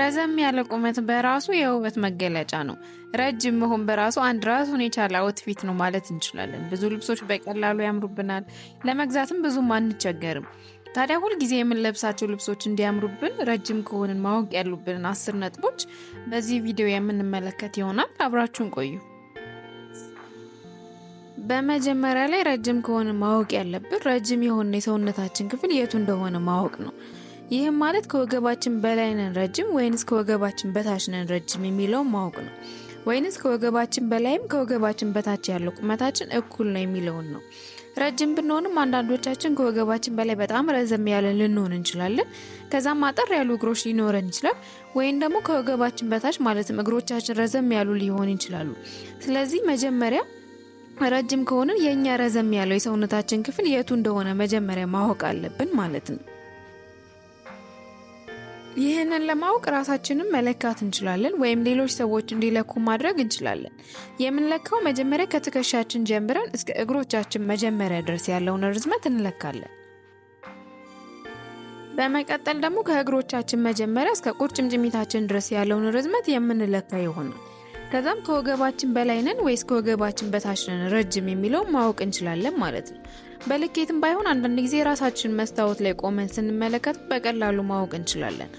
ረዘም ያለ ቁመት በራሱ የውበት መገለጫ ነው። ረጅም መሆን በራሱ አንድ ራሱን የቻለ አውትፊት ነው ማለት እንችላለን። ብዙ ልብሶች በቀላሉ ያምሩብናል፣ ለመግዛትም ብዙም አንቸገርም። ታዲያ ሁልጊዜ የምንለብሳቸው ልብሶች እንዲያምሩብን ረጅም ከሆንን ማወቅ ያሉብንን አስር ነጥቦች በዚህ ቪዲዮ የምንመለከት ይሆናል። አብራችሁን ቆዩ። በመጀመሪያ ላይ ረጅም ከሆነ ማወቅ ያለብን ረጅም የሆነ የሰውነታችን ክፍል የቱ እንደሆነ ማወቅ ነው። ይህም ማለት ከወገባችን በላይ ነን ረጅም ወይንስ ከወገባችን በታች ነን ረጅም የሚለውን ማወቅ ነው። ወይንስ ከወገባችን በላይም ከወገባችን በታች ያለው ቁመታችን እኩል ነው የሚለውን ነው። ረጅም ብንሆንም አንዳንዶቻችን ከወገባችን በላይ በጣም ረዘም ያለን ልንሆን እንችላለን። ከዛም አጠር ያሉ እግሮች ሊኖረን ይችላል። ወይም ደግሞ ከወገባችን በታች ማለትም እግሮቻችን ረዘም ያሉ ሊሆን ይችላሉ። ስለዚህ መጀመሪያ ረጅም ከሆንን የእኛ ረዘም ያለው የሰውነታችን ክፍል የቱ እንደሆነ መጀመሪያ ማወቅ አለብን ማለት ነው። ይህንን ለማወቅ ራሳችንን መለካት እንችላለን ወይም ሌሎች ሰዎች እንዲለኩ ማድረግ እንችላለን። የምንለካው መጀመሪያ ከትከሻችን ጀምረን እስከ እግሮቻችን መጀመሪያ ድረስ ያለውን ርዝመት እንለካለን። በመቀጠል ደግሞ ከእግሮቻችን መጀመሪያ እስከ ቁርጭምጭሚታችን ድረስ ያለውን ርዝመት የምንለካ ይሆናል። ከዛም ከወገባችን በላይ ነን ወይስ ከወገባችን በታች ነን ረጅም የሚለውን ማወቅ እንችላለን ማለት ነው። በልኬትም ባይሆን አንዳንድ ጊዜ ራሳችን መስታወት ላይ ቆመን ስንመለከት በቀላሉ ማወቅ እንችላለን።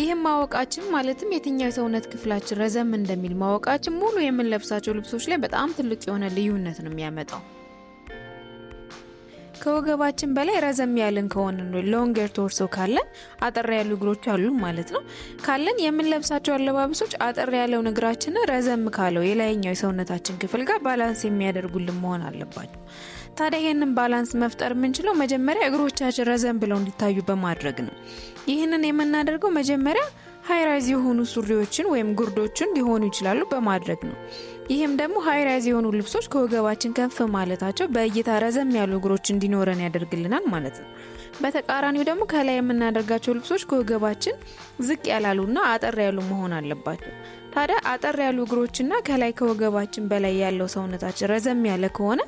ይህም ማወቃችን ማለትም የትኛው የሰውነት ክፍላችን ረዘም እንደሚል ማወቃችን ሙሉ የምንለብሳቸው ልብሶች ላይ በጣም ትልቅ የሆነ ልዩነት ነው የሚያመጣው። ከወገባችን በላይ ረዘም ያልን ከሆነ ሎንገር ቶርሶ ካለን አጠር ያሉ እግሮች አሉ ማለት ነው። ካለን የምንለብሳቸው አለባበሶች አጠር ያለውን እግራችንን ረዘም ካለው የላይኛው የሰውነታችን ክፍል ጋር ባላንስ የሚያደርጉልን መሆን አለባቸው። ታዲያ ይህንን ባላንስ መፍጠር የምንችለው መጀመሪያ እግሮቻችን ረዘም ብለው እንዲታዩ በማድረግ ነው። ይህንን የምናደርገው መጀመሪያ ሃይራይዝ የሆኑ ሱሪዎችን ወይም ጉርዶችን ሊሆኑ ይችላሉ በማድረግ ነው። ይህም ደግሞ ሀይራይዝ የሆኑ ልብሶች ከወገባችን ከፍ ማለታቸው በእይታ ረዘም ያሉ እግሮች እንዲኖረን ያደርግልናል ማለት ነው። በተቃራኒው ደግሞ ከላይ የምናደርጋቸው ልብሶች ከወገባችን ዝቅ ያላሉና አጠር ያሉ መሆን አለባቸው። ታዲያ አጠር ያሉ እግሮችና ከላይ ከወገባችን በላይ ያለው ሰውነታችን ረዘም ያለ ከሆነ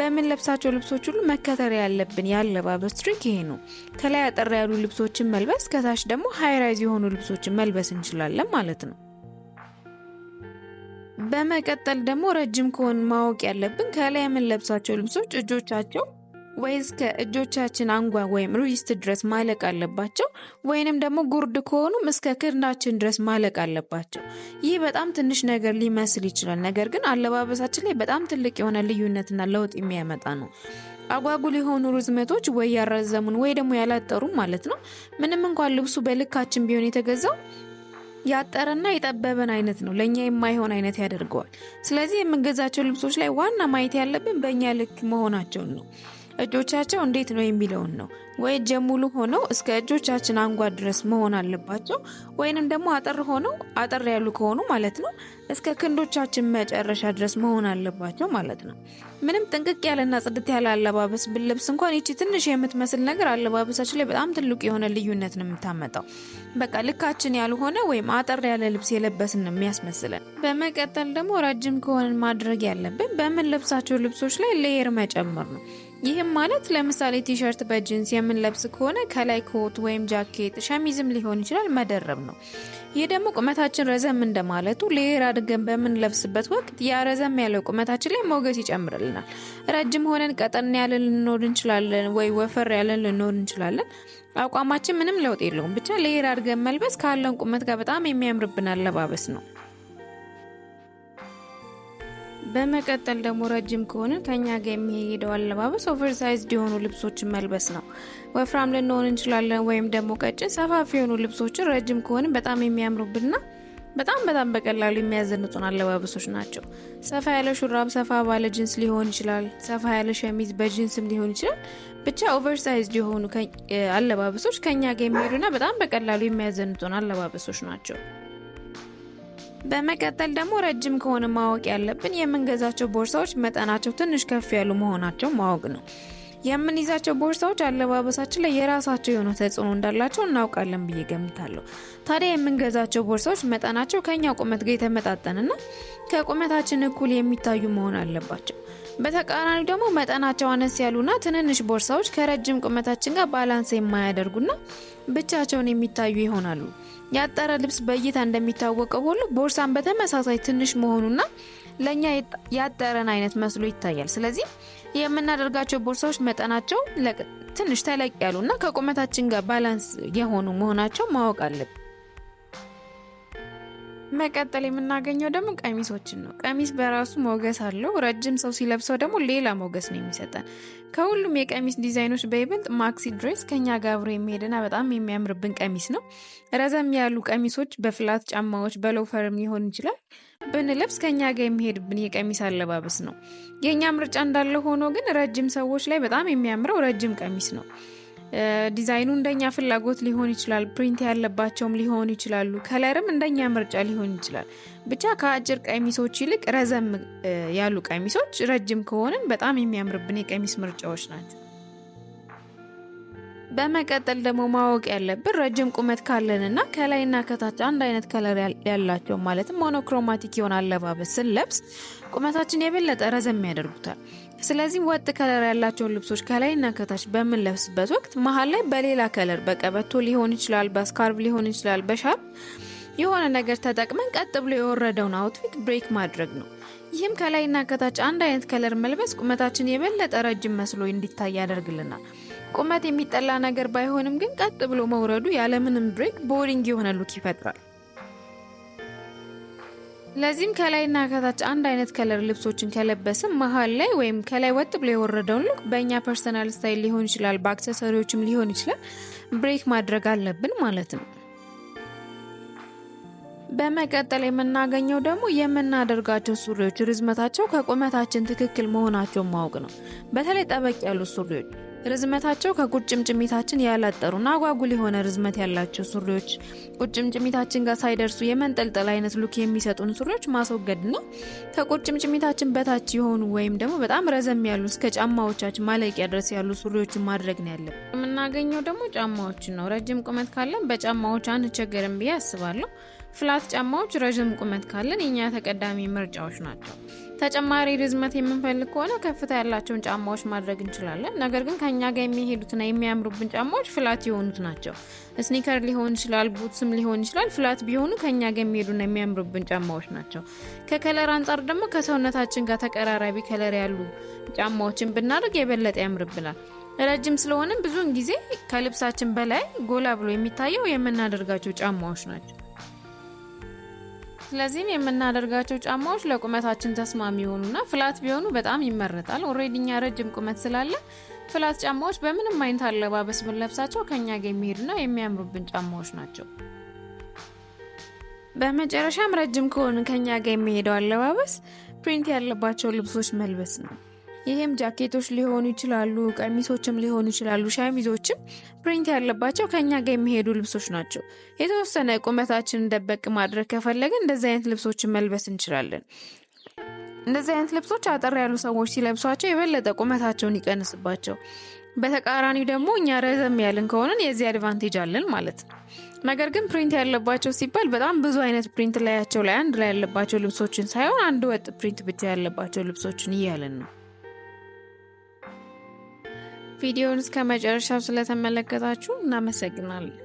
በምንለብሳቸው ልብሶች ሁሉ መከተር ያለብን ያለባበስ ትሪክ ይሄ ነው። ከላይ አጠር ያሉ ልብሶችን መልበስ፣ ከታች ደግሞ ሀይራይዝ የሆኑ ልብሶችን መልበስ እንችላለን ማለት ነው። በመቀጠል ደግሞ ረጅም ከሆን ማወቅ ያለብን ከላይ የምንለብሳቸው ልብሶች እጆቻቸው ወይስ ከእጆቻችን እጆቻችን አንጓ ወይም ሪስት ድረስ ማለቅ አለባቸው፣ ወይንም ደግሞ ጉርድ ከሆኑም እስከ ክርናችን ድረስ ማለቅ አለባቸው። ይህ በጣም ትንሽ ነገር ሊመስል ይችላል፣ ነገር ግን አለባበሳችን ላይ በጣም ትልቅ የሆነ ልዩነትና ለውጥ የሚያመጣ ነው። አጓጉል የሆኑ ርዝመቶች ወይ ያራዘሙን ወይ ደግሞ ያላጠሩ ማለት ነው። ምንም እንኳን ልብሱ በልካችን ቢሆን የተገዛው ያጠረና የጠበበን አይነት ነው፣ ለእኛ የማይሆን አይነት ያደርገዋል። ስለዚህ የምንገዛቸው ልብሶች ላይ ዋና ማየት ያለብን በእኛ ልክ መሆናቸውን ነው። እጆቻቸው እንዴት ነው የሚለውን ነው። ወይ እጀ ሙሉ ሆነው እስከ እጆቻችን አንጓ ድረስ መሆን አለባቸው፣ ወይንም ደግሞ አጠር ሆነው አጠር ያሉ ከሆኑ ማለት ነው እስከ ክንዶቻችን መጨረሻ ድረስ መሆን አለባቸው ማለት ነው። ምንም ጥንቅቅ ያለና ጽድት ያለ አለባበስ ብለብስ እንኳን ይቺ ትንሽ የምትመስል ነገር አለባበሳችን ላይ በጣም ትልቅ የሆነ ልዩነት ነው የምታመጣው። በቃ ልካችን ያልሆነ ወይም አጠር ያለ ልብስ የለበስን ነው የሚያስመስለን። በመቀጠል ደግሞ ረጅም ከሆነን ማድረግ ያለብን በምንለብሳቸው ልብሶች ላይ ሌየር መጨመር ነው። ይህም ማለት ለምሳሌ ቲሸርት በጅንስ የምንለብስ ከሆነ ከላይ ኮት ወይም ጃኬት ሸሚዝም ሊሆን ይችላል መደረብ ነው። ይህ ደግሞ ቁመታችን ረዘም እንደማለቱ ሌየር አድርገን በምንለብስበት ወቅት ያ ረዘም ያለው ቁመታችን ላይ ሞገስ ይጨምርልናል። ረጅም ሆነን ቀጠን ያለን ልንኖር እንችላለን፣ ወይ ወፈር ያለን ልንኖር እንችላለን። አቋማችን ምንም ለውጥ የለውም። ብቻ ሌየር አድርገን መልበስ ካለን ቁመት ጋር በጣም የሚያምርብን አለባበስ ነው። በመቀጠል ደግሞ ረጅም ከሆነ ከኛ ጋር የሚሄደው አለባበስ ኦቨርሳይዝድ የሆኑ ልብሶችን መልበስ ነው። ወፍራም ልንሆን እንችላለን፣ ወይም ደግሞ ቀጭን ሰፋፊ የሆኑ ልብሶችን ረጅም ከሆነ በጣም የሚያምሩብንና በጣም በጣም በቀላሉ የሚያዘንጡን አለባበሶች ናቸው። ሰፋ ያለ ሹራብ ሰፋ ባለ ጅንስ ሊሆን ይችላል። ሰፋ ያለ ሸሚዝ በጅንስም ሊሆን ይችላል። ብቻ ኦቨርሳይዝ የሆኑ አለባበሶች ከኛ ጋር የሚሄዱና በጣም በቀላሉ የሚያዘንጡን አለባበሶች ናቸው። በመቀጠል ደግሞ ረጅም ከሆነ ማወቅ ያለብን የምንገዛቸው ቦርሳዎች መጠናቸው ትንሽ ከፍ ያሉ መሆናቸው ማወቅ ነው። የምንይዛቸው ቦርሳዎች አለባበሳችን ላይ የራሳቸው የሆነ ተጽዕኖ እንዳላቸው እናውቃለን ብዬ ገምታለሁ። ታዲያ የምንገዛቸው ቦርሳዎች መጠናቸው ከኛ ቁመት ጋር የተመጣጠንና ከቁመታችን እኩል የሚታዩ መሆን አለባቸው። በተቃራኒ ደግሞ መጠናቸው አነስ ያሉና ትንንሽ ቦርሳዎች ከረጅም ቁመታችን ጋር ባላንስ የማያደርጉና ብቻቸውን የሚታዩ ይሆናሉ። ያጠረ ልብስ በእይታ እንደሚታወቀው ሁሉ ቦርሳን በተመሳሳይ ትንሽ መሆኑና ለእኛ ያጠረን አይነት መስሎ ይታያል። ስለዚህ የምናደርጋቸው ቦርሳዎች መጠናቸው ትንሽ ተለቅ ያሉና ከቁመታችን ጋር ባላንስ የሆኑ መሆናቸው ማወቅ አለብን። መቀጠል የምናገኘው ደግሞ ቀሚሶችን ነው። ቀሚስ በራሱ ሞገስ አለው። ረጅም ሰው ሲለብሰው ደግሞ ሌላ ሞገስ ነው የሚሰጠን። ከሁሉም የቀሚስ ዲዛይኖች በይበልጥ ማክሲ ድሬስ ከኛ ጋር አብሮ የሚሄድና በጣም የሚያምርብን ቀሚስ ነው። ረዘም ያሉ ቀሚሶች በፍላት ጫማዎች፣ በሎፈርም ሊሆን ይችላል ብንለብስ ከኛ ጋር የሚሄድብን የቀሚስ አለባበስ ነው። የእኛ ምርጫ እንዳለ ሆኖ ግን ረጅም ሰዎች ላይ በጣም የሚያምረው ረጅም ቀሚስ ነው። ዲዛይኑ እንደኛ ፍላጎት ሊሆን ይችላል። ፕሪንት ያለባቸውም ሊሆኑ ይችላሉ። ከለርም እንደኛ ምርጫ ሊሆን ይችላል። ብቻ ከአጭር ቀሚሶች ይልቅ ረዘም ያሉ ቀሚሶች፣ ረጅም ከሆንም በጣም የሚያምርብን የቀሚስ ምርጫዎች ናቸው። በመቀጠል ደግሞ ማወቅ ያለብን ረጅም ቁመት ካለንና ከላይና ከታች አንድ አይነት ከለር ያላቸው ማለትም ሞኖክሮማቲክ የሆነ አለባበስ ስንለብስ ቁመታችን የበለጠ ረዘም ያደርጉታል። ስለዚህ ወጥ ከለር ያላቸውን ልብሶች ከላይና ከታች በምንለብስበት ወቅት መሀል ላይ በሌላ ከለር በቀበቶ ሊሆን ይችላል፣ በስካርቭ ሊሆን ይችላል፣ በሻርፕ የሆነ ነገር ተጠቅመን ቀጥ ብሎ የወረደውን አውትፊት ብሬክ ማድረግ ነው። ይህም ከላይና ከታች አንድ አይነት ከለር መልበስ ቁመታችን የበለጠ ረጅም መስሎ እንዲታይ ያደርግልናል። ቁመት የሚጠላ ነገር ባይሆንም ግን ቀጥ ብሎ መውረዱ ያለምንም ብሬክ ቦሪንግ የሆነ ሉክ ይፈጥራል። ለዚህም ከላይና ከታች አንድ አይነት ከለር ልብሶችን ከለበስም መሀል ላይ ወይም ከላይ ወጥ ብሎ የወረደውን ሉክ በእኛ ፐርሰናል ስታይል ሊሆን ይችላል፣ በአክሰሰሪዎችም ሊሆን ይችላል ብሬክ ማድረግ አለብን ማለት ነው። በመቀጠል የምናገኘው ደግሞ የምናደርጋቸው ሱሪዎች ርዝመታቸው ከቁመታችን ትክክል መሆናቸውን ማወቅ ነው። በተለይ ጠበቅ ያሉት ሱሪዎች ርዝመታቸው ከቁጭምጭሚታችን ያላጠሩና አጓጉል የሆነ ርዝመት ያላቸው ሱሪዎች ቁጭምጭሚታችን ጋር ሳይደርሱ የመንጠልጠል አይነት ሉክ የሚሰጡን ሱሪዎች ነው ከቁጭምጭሚታችን በታች የሆኑ ወይም ደግሞ በጣም ረዘም ያሉ እስከ ጫማዎቻችን ማለቂያ ድረስ ያሉ ሱሪዎችን ማድረግ ነው ያለ የምናገኘው ደግሞ ጫማዎችን ነው። ረጅም ቁመት ካለን በጫማዎች አንቸገርም ብዬ አስባለሁ። ፍላት ጫማዎች ረዥም ቁመት ካለን የኛ ተቀዳሚ ምርጫዎች ናቸው። ተጨማሪ ርዝመት የምንፈልግ ከሆነ ከፍታ ያላቸውን ጫማዎች ማድረግ እንችላለን። ነገር ግን ከኛ ጋር የሚሄዱትና የሚያምሩብን ጫማዎች ፍላት የሆኑት ናቸው። ስኒከር ሊሆን ይችላል፣ ቡትስም ሊሆን ይችላል። ፍላት ቢሆኑ ከኛ ጋር የሚሄዱና የሚያምሩብን ጫማዎች ናቸው። ከከለር አንጻር ደግሞ ከሰውነታችን ጋር ተቀራራቢ ከለር ያሉ ጫማዎችን ብናደርግ የበለጠ ያምርብናል። ረጅም ስለሆነም ብዙውን ጊዜ ከልብሳችን በላይ ጎላ ብሎ የሚታየው የምናደርጋቸው ጫማዎች ናቸው። ስለዚህም የምናደርጋቸው ጫማዎች ለቁመታችን ተስማሚ የሆኑና ፍላት ቢሆኑ በጣም ይመረጣል። ኦሬዲ እኛ ረጅም ቁመት ስላለ ፍላት ጫማዎች በምንም አይነት አለባበስ ብንለብሳቸው ከኛ ጋር የሚሄዱና የሚያምሩብን ጫማዎች ናቸው። በመጨረሻም ረጅም ከሆኑ ከእኛ ጋር የሚሄደው አለባበስ ፕሪንት ያለባቸው ልብሶች መልበስ ነው። ይህም ጃኬቶች ሊሆኑ ይችላሉ፣ ቀሚሶችም ሊሆኑ ይችላሉ፣ ሸሚዞችም ፕሪንት ያለባቸው ከኛ ጋር የሚሄዱ ልብሶች ናቸው። የተወሰነ ቁመታችንን ደበቅ ማድረግ ከፈለግን እንደዚህ አይነት ልብሶችን መልበስ እንችላለን። እንደዚህ አይነት ልብሶች አጠር ያሉ ሰዎች ሲለብሷቸው የበለጠ ቁመታቸውን ይቀንስባቸው። በተቃራኒው ደግሞ እኛ ረዘም ያልን ከሆንን የዚህ አድቫንቴጅ አለን ማለት ነው። ነገር ግን ፕሪንት ያለባቸው ሲባል በጣም ብዙ አይነት ፕሪንት ላያቸው ላይ አንድ ላይ ያለባቸው ልብሶችን ሳይሆን አንድ ወጥ ፕሪንት ብቻ ያለባቸው ልብሶችን እያለን ነው። ቪዲዮውን እስከ መጨረሻው ስለተመለከታችሁ እናመሰግናለን።